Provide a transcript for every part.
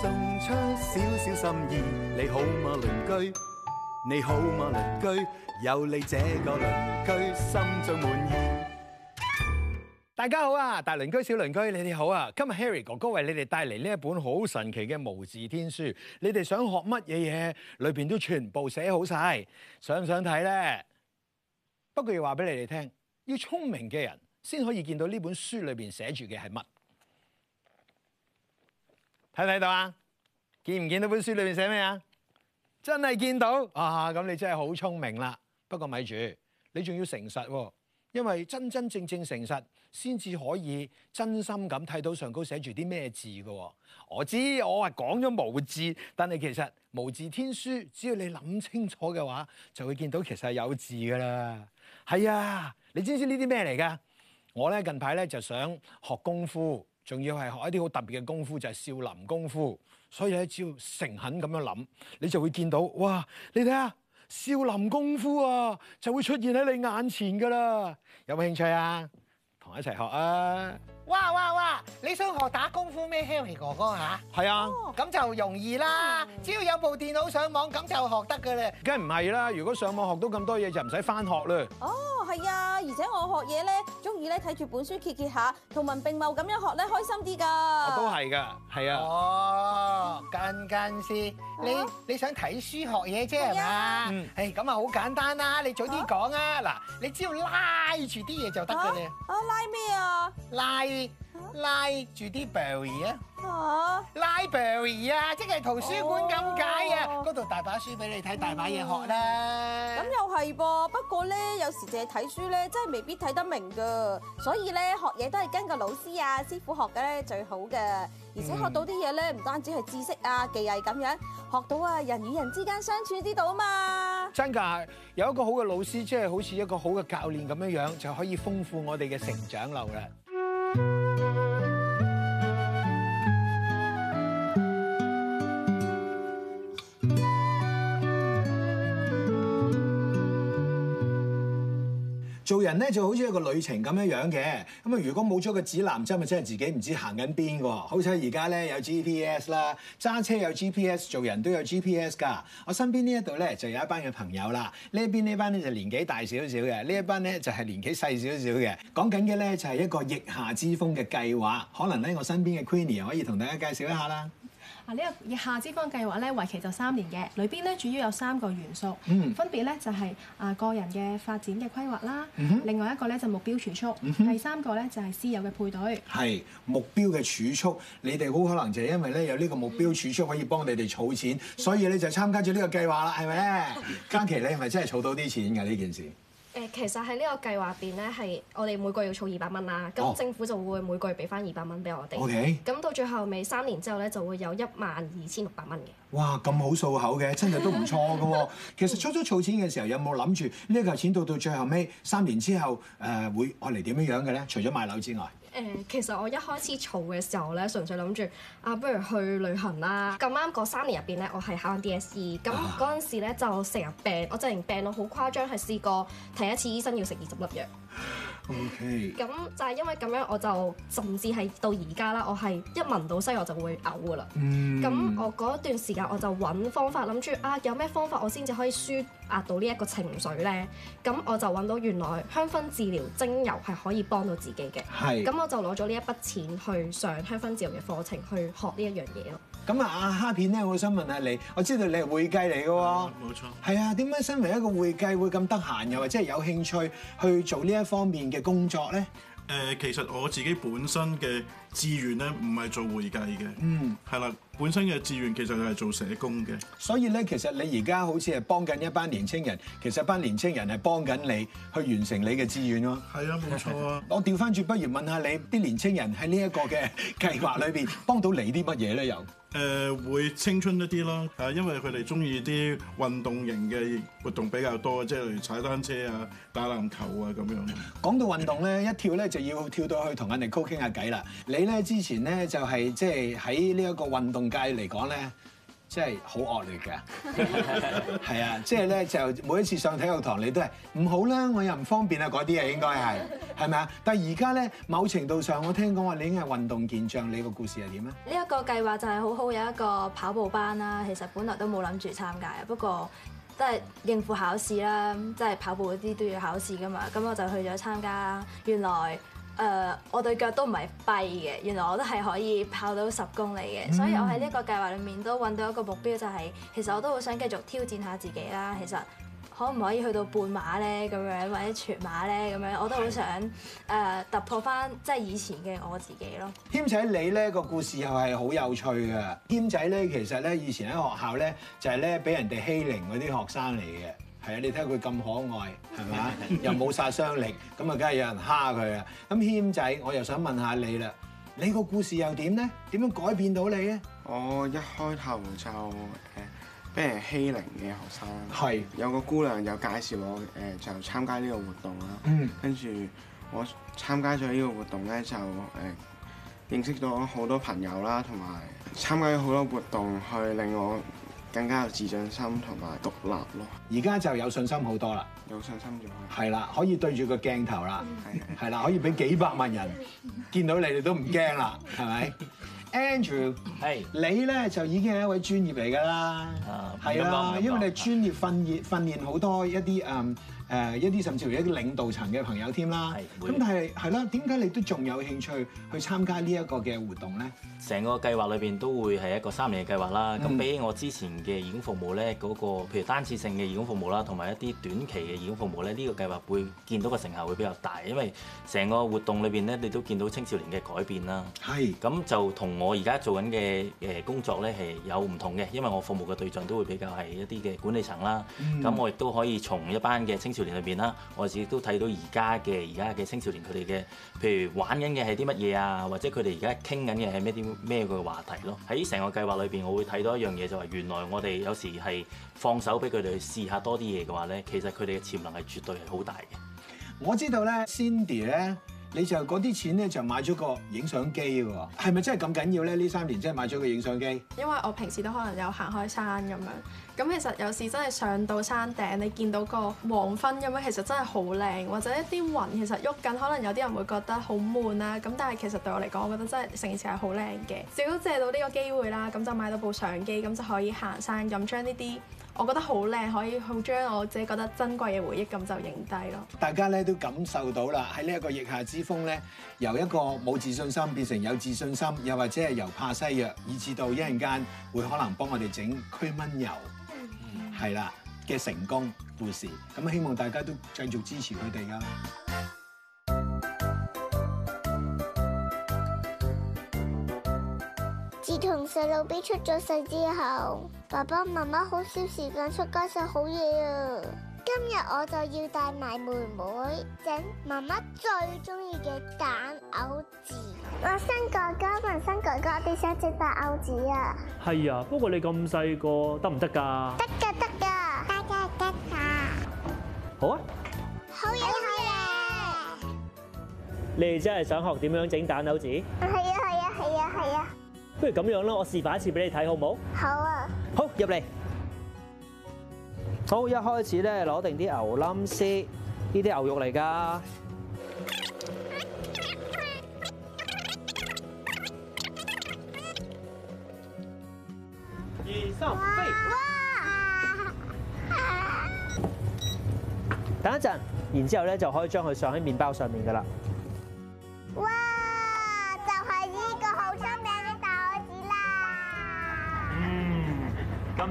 送出少少心意，你好嗎鄰居？你好嗎鄰居？有你這個鄰居，心中滿意。大家好啊，大鄰居小鄰居，你哋好啊！今日 Harry 哥哥為你哋帶嚟呢一本好神奇嘅無字天書，你哋想學乜嘢嘢，裏邊都全部寫好晒，想唔想睇咧？不過要話俾你哋聽，要聰明嘅人先可以見到呢本書裏邊寫住嘅係乜。睇唔睇到啊？見唔見到本書裏邊寫咩啊？真係見到啊！咁你真係好聰明啦。不過咪住，你仲要誠實，因為真真正正誠實先至可以真心咁睇到上高寫住啲咩字噶我知我係講咗無字，但係其實無字天書，只要你諗清楚嘅話，就會見到其實係有字噶啦係啊，你知唔知呢啲咩嚟噶我咧近排咧就想學功夫。仲要係學一啲好特別嘅功夫，就係、是、少林功夫。所以只要誠懇咁樣諗，你就會見到哇！你睇下少林功夫啊，就會出現喺你眼前噶啦。有冇興趣啊？同我一齊學啊！哇哇哇！你想學打功夫咩？Harry 哥哥吓？係啊，咁、啊哦、就容易啦。只要有部電腦上網，咁就學得噶啦。梗係唔係啦！如果上網學到咁多嘢，就唔使返學啦。哦，係啊。而且我學嘢咧，中意咧睇住本書揭揭下，圖文並茂咁樣學咧，開心啲噶。都係噶，係、哦、啊。哦，間間先。你你想睇書學嘢啫，係嘛的？吧嗯。哎，咁啊，好簡單啦，你早啲講啊！嗱，你只要拉住啲嘢就得嘅啦。哦，拉咩啊？拉。拉拉住啲 berry 啊！拉 berry 啊！即係圖書館咁解啊！嗰度大把書俾你睇，大把嘢學啦！咁又係噃，不過咧有時淨係睇書咧，真係未必睇得明噶。所以咧，學嘢都係跟個老師啊、師傅學嘅咧最好嘅。而且學到啲嘢咧，唔單止係知識啊、技藝咁樣，學到啊人與人之間相處之道啊嘛。真噶，有一個好嘅老師，即係好似一個好嘅教練咁樣樣，就可以豐富我哋嘅成長路啦。人咧就好似一個旅程咁樣樣嘅，咁啊如果冇咗個指南針，咪真係自己唔知行緊邊喎。好彩而家咧有 GPS 啦，揸車有 GPS，做人都有 GPS 㗎。我身邊呢一度咧就有一班嘅朋友啦，這這一呢一邊呢班咧就年紀大少少嘅，一呢一班咧就係、是、年紀細少少嘅。講緊嘅咧就係、是、一個翼下之風嘅計劃，可能咧我身邊嘅 Queenie 可以同大家介紹一下啦。啊！呢個翼下之風計劃咧，為期就三年嘅，裏邊咧主要有三個元素，嗯、分別咧就係啊個人嘅發展嘅規劃啦，嗯、哼另外一個咧就目標儲蓄，嗯、哼第三個咧就係師友嘅配對。係目標嘅儲蓄，你哋好可能就係因為咧有呢個目標儲蓄可以幫你哋儲錢，嗯、所以你就參加咗呢個計劃啦，係咪？今期 你係咪真係儲到啲錢㗎呢件事？誒，其實喺呢個計劃入邊咧，係我哋每個月要儲二百蚊啦。咁政府就會每個月俾翻二百蚊俾我哋。O K。咁到最後尾三年之後咧，就會有一萬二千六百蚊嘅。哇，咁好數口嘅，真係都唔錯㗎。 其實初初儲錢嘅時候，有冇諗住呢嚿錢到到最後尾三年之後誒、呃、會用嚟點樣樣嘅咧？除咗買樓之外。誒、呃，其實我一開始嘈嘅時候咧，純粹諗住啊，不如去旅行啦。咁啱嗰三年入邊咧，我係考緊 DSE，咁嗰陣時咧就成日病，我真係病到好誇張，係試過睇一次醫生要食二十粒藥。咁 Okay. 就係因為咁樣，我就甚至係到而家啦，我係一聞到西柚我就會嘔噶啦。咁、嗯、我嗰段時間我就揾方法，諗住啊有咩方法我先至可以舒壓到呢一個情緒呢？咁我就揾到原來香薰治療精油係可以幫到自己嘅。係是。咁我就攞咗呢一筆錢去上香薰治療嘅課程，去學呢一樣嘢咯。咁啊，阿蝦片咧，我想問下你，我知道你係會計嚟嘅喎，冇錯，係啊，點解身為一個會計會咁得閒，又或者係有興趣去做呢一方面嘅工作咧？誒、呃，其實我自己本身嘅志願咧，唔係做會計嘅，嗯，係啦，本身嘅志願其實就係做社工嘅。所以咧，其實你而家好似係幫緊一班年青人，其實一班年青人係幫緊你去完成你嘅志願咯。係啊，冇錯啊。 我調翻轉，不如問下你啲年青人喺呢一個嘅計劃裏邊幫到你啲乜嘢咧？又？誒、呃、會青春一啲咯，誒，因為佢哋中意啲運動型嘅活動比較多，即係例如踩單車啊、打籃球啊咁樣。講到運動咧，一跳咧就要跳到去同阿 Nicole 傾下偈啦。你咧之前咧就係即係喺呢一個運動界嚟講咧。即係好惡劣嘅，係啊！ 即係咧，就每一次上體育堂，你都係唔好啦，我又唔方便啊。嗰啲啊，應該係係咪啊？但係而家咧，某程度上我聽講話你已經係運動健將，你個故事係點咧？呢一個計劃就係好好有一個跑步班啦。其實本來都冇諗住參加嘅，不過都係應付考試啦。即係跑步嗰啲都要考試㗎嘛，咁我就去咗參加。原來。誒，uh, 我對腳都唔係跛嘅，原來我都係可以跑到十公里嘅，嗯、所以我喺呢個計劃裡面都揾到一個目標、就係，就係其實我都好想繼續挑戰下自己啦。其實可唔可以去到半馬咧咁樣，或者全馬咧咁樣，我都好想誒是的、uh, 突破返即係以前嘅我自己咯。謙仔你呢個故事又係好有趣嘅，謙仔咧其實咧以前喺學校咧就係咧俾人哋欺凌嗰啲學生嚟嘅。係啊，你睇下佢咁可愛，係咪？ 又冇殺傷力，咁啊，梗係有人蝦佢啊！咁謙仔，我又想問下你啦，你個故事又點呢？點樣改變到你呢？我一開頭就誒俾人欺凌嘅學生，係的有個姑娘有介紹我誒就參加呢個活動啦，跟住、嗯、我參加咗呢個活動呢，就誒認識到好多朋友啦，同埋參加咗好多活動去令我更加有自信心同埋獨立咯，而家就有信心好多啦，有信心咗，係啦，可以對住個鏡頭啦，係啦，可以俾幾百萬人見到你哋都唔驚啦，係咪？Andrew，係是你咧就已經係一位專業嚟㗎、嗯、啦，係啦，因為你專業訓練訓練好對 多一啲誒。Um 誒一啲甚至乎一啲領導層嘅朋友添啦，咁是但係係啦，點解的你都仲有興趣去參加呢一個嘅活動咧？成個計劃裏邊都會係一個三年嘅計劃啦。咁、嗯、比起我之前嘅義工服務咧，嗰個譬如單次性嘅義工服務啦，同埋一啲短期嘅義工服務咧，呢、個計劃會見到個成效會比較大，因為成個活動裏邊咧，你都見到青少年嘅改變啦。係咁是就同我而家做緊嘅誒工作咧係有唔同嘅，因為我服務嘅對象都會比較係一啲嘅管理層啦。咁、嗯、我亦都可以從一班嘅青少年。年裏邊啦，我自己都睇到而家嘅而家嘅青少年佢哋嘅，譬如玩緊嘅係啲乜嘢啊，或者佢哋而家傾緊嘅係咩啲咩嘅話題咯。喺成個計劃裏邊，我會睇到一樣嘢就話原來我哋有時係放手俾佢哋去試下多啲嘢嘅話咧，其實佢哋嘅潛能係絕對係好大嘅。我知道咧，Cindy 咧。你就嗰啲錢咧，就買咗個影相機喎，啊。係咪真係咁緊要咧？呢三年真係買咗個影相機。因為我平時都可能有行開山咁樣，咁其實有時真係上到山頂，你見到個黃昏咁樣，其實真係好靚，或者一啲雲其實喐緊，可能有啲人會覺得好悶啦。咁但係其實對我嚟講，我覺得真係成件事係好靚嘅。至少借到呢個機會啦，咁就買到部相機，咁就可以行山咁將呢啲。我覺得好靚，可以好將我自己覺得珍貴嘅回憶咁就影低咯。大家咧都感受到啦，喺呢一個翼下之風咧，由一個冇自信心變成有自信心，又或者係由怕西藥，以至到一陣間會可能幫我哋整驅蚊油，嗯，係啦嘅成功故事。咁希望大家都繼續支持佢哋㗎。細路仔出咗世之後，爸爸媽媽好少時間出街食好嘢啊！今日我就要帶埋妹妹整媽媽最中意嘅蛋歐子。阿新哥哥，阿新哥哥，我哋想整蛋歐子啊？係啊，不過你咁細個得唔得噶？得噶，得噶，得噶，好啊！好嘢，好嘢！好你哋真係想學點樣整蛋歐子？係啊，係啊，係啊，係啊！不如咁樣啦，我示範一次俾你睇，好唔好？啊、好？好啊！好，入嚟。好，一開始咧攞定啲牛腩絲，呢啲牛肉嚟㗎。二三飛！哇！等一陣，然之後咧就可以將佢上喺麵包上面㗎啦。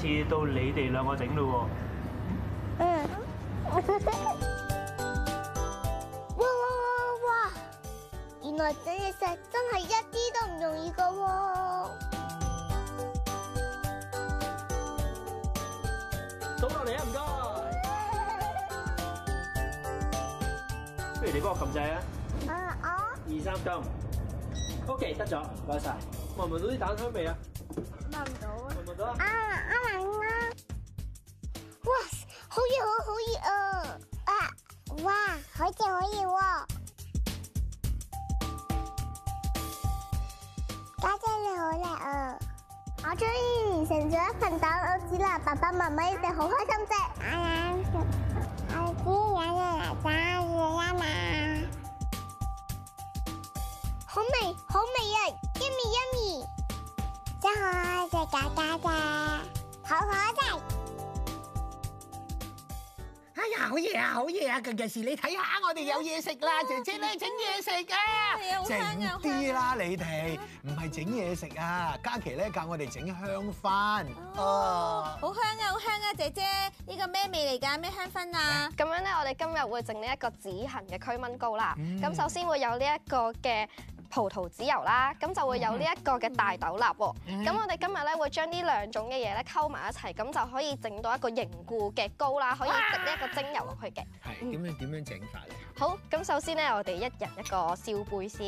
次到你哋兩個整嘞喎。嗯。哇哇哇哇！原來整嘢食真係一啲都唔容易噶喎。倒落嚟啊！唔該。不如你幫我撳掣啊。啊我。二三九。O K 得咗，唔該晒。聞唔聞到啲蛋香味啊？聞唔到啊。聞唔聞到啊？我終於完成咗一份大屋紙啦！爸爸媽媽一定好開心啫！阿媽食，阿姐養嘢食，食呀嘛，好味好味啊！一米一米，真係好可愛嘅家姐，好可愛好好食。哎、呀好嘢啊！好嘢啊！近其是你睇下，我哋有嘢食啦，姐姐咧整嘢食噶，靜啲啦你哋們，唔係整嘢食啊，家琪咧教我哋整香薰，哦，好、哦、香啊！好香啊！姐姐，呢個咩味嚟㗎？咩香薰啊？咁、嗯、樣咧，我哋今日會整呢一個止痕嘅驅蚊膏啦。咁、嗯、首先會有呢一個嘅，葡萄籽油啦，咁就會有呢一個嘅大豆蠟喎。咁、嗯、我哋今日咧會將呢兩種嘅嘢咧溝埋一齊，咁就可以整到一個凝固嘅膏啦，啊、可以滴一個精油落去嘅。係點樣點樣整法咧？好，咁首先咧，我哋一人一個燒杯先，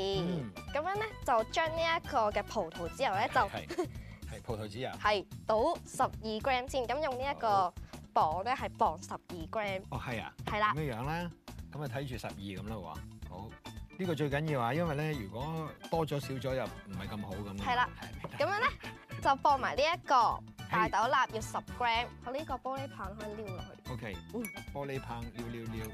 咁、嗯、樣咧就將呢一個嘅葡萄籽油咧就係係葡萄籽油，係 倒十二 gram 先，咁用呢一個磅咧係磅十二 gram。好哦，係啊。係啦了。咁樣樣咧，咁啊睇住十二咁咯喎。呢個最緊要啊，因為咧，如果多咗少咗又唔係咁好咁。係啦，咁的 樣咧就放埋呢一個大豆蠟的，要十 gram，喺呢個玻璃棒可以撩落去。OK，、哦、玻璃棒撩撩撩，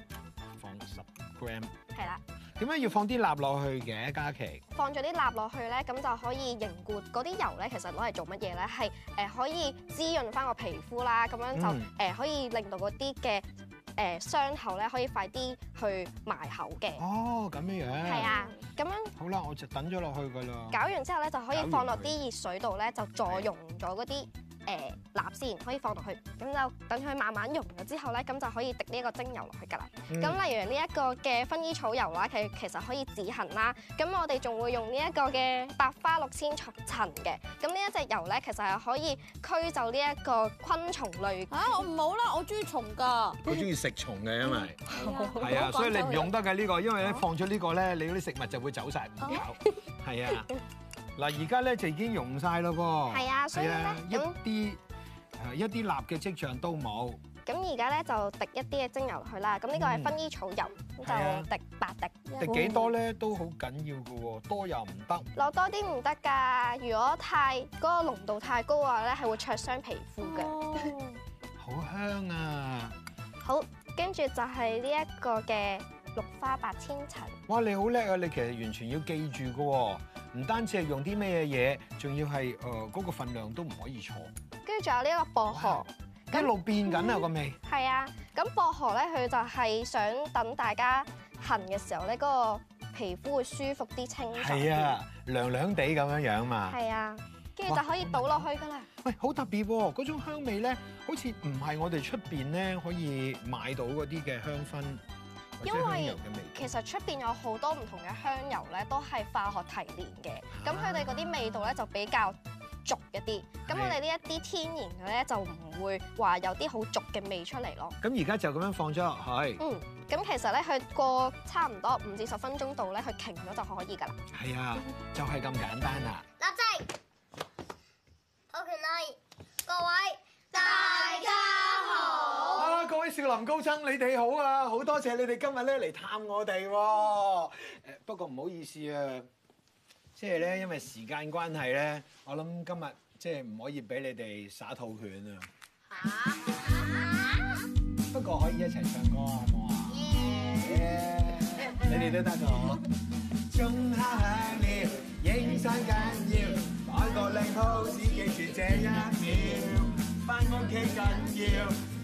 放十 gram。係啦的，點解要放啲蠟落去嘅，嘉琪？放咗啲蠟落去咧，咁就可以凝固嗰啲油咧。其實攞嚟做乜嘢咧？係誒、呃、可以滋潤翻個皮膚啦。咁樣就誒可以令到嗰啲嘅。嗯嗯。誒、呃、傷口咧可以快啲去埋口嘅。哦，咁、啊、樣。係啊，咁樣。好啦，我就等咗落去㗎啦。搞完之後咧，就可以拌完 放落啲熱水度咧，就再溶咗嗰啲。誒，蠟線可以放落去，咁就等佢慢慢溶咗之後咧，咁就可以滴呢一個精油落去㗎啦。咁例如呢一個嘅薰衣草油咧，佢其實可以止痕啦。咁我哋仲會用呢一個嘅百花六千蟲層嘅。咁呢一隻油咧，其實係可以驅走呢一個昆蟲類。嚇，我唔好啦，我中意蟲㗎。佢中意食蟲嘅，因為係啊，所以你唔用得嘅呢個，因為咧放咗呢個咧，你嗰啲食物就會走晒。唔走。係啊。嗱，而家咧就已經溶晒咯噃，係啊，所以咧一啲誒一啲蠟嘅跡象都冇。咁而家咧就滴一啲嘅精油落去啦。咁呢個係薰衣草油，就滴八滴。滴幾多咧都好緊要嘅喎，多又唔得。落多啲唔得㗎，如果太嗰個濃度太高嘅話咧，係會灼傷皮膚嘅。哦，好香啊！好，跟住就係呢一個嘅。綠花白千層，哇！你好叻啊！你其實完全要記住嘅喎、哦，唔單止係用啲咩嘢，仲要係誒嗰個份量都唔可以錯。跟住仲有呢個薄荷，一路變緊啊個味。係、嗯、啊，咁薄荷咧，佢就係想等大家痕嘅時候咧，嗰個皮膚會舒服啲、清涼啲。啊，涼涼地咁樣樣嘛。係啊，跟住就可以倒落去噶啦。喂，好特別喎、哦！嗰種香味咧，好似唔係我哋出邊咧可以買到嗰啲嘅香薰。因為其實出面有好多唔同嘅香油咧，都係化學提煉嘅，咁佢哋嗰啲味道咧就比較俗一啲，咁我哋呢一啲天然嘅咧就唔會話有啲好俗嘅味出嚟咯。咁而家就咁樣放咗落去。嗯，咁其實咧佢過差唔多五至十分鐘度咧，佢停咗就可以㗎啦。係啊，就係、是、咁簡單啊。立仔。少林高僧，你哋好啊！好多謝你哋今日咧嚟探我哋喎。誒，不過唔好意思啊，即係咧，因為時間關係咧，我諗今日即係唔可以俾你哋耍套拳啊。啊？不過可以一齊唱歌好唔好啊？你哋都得㗎？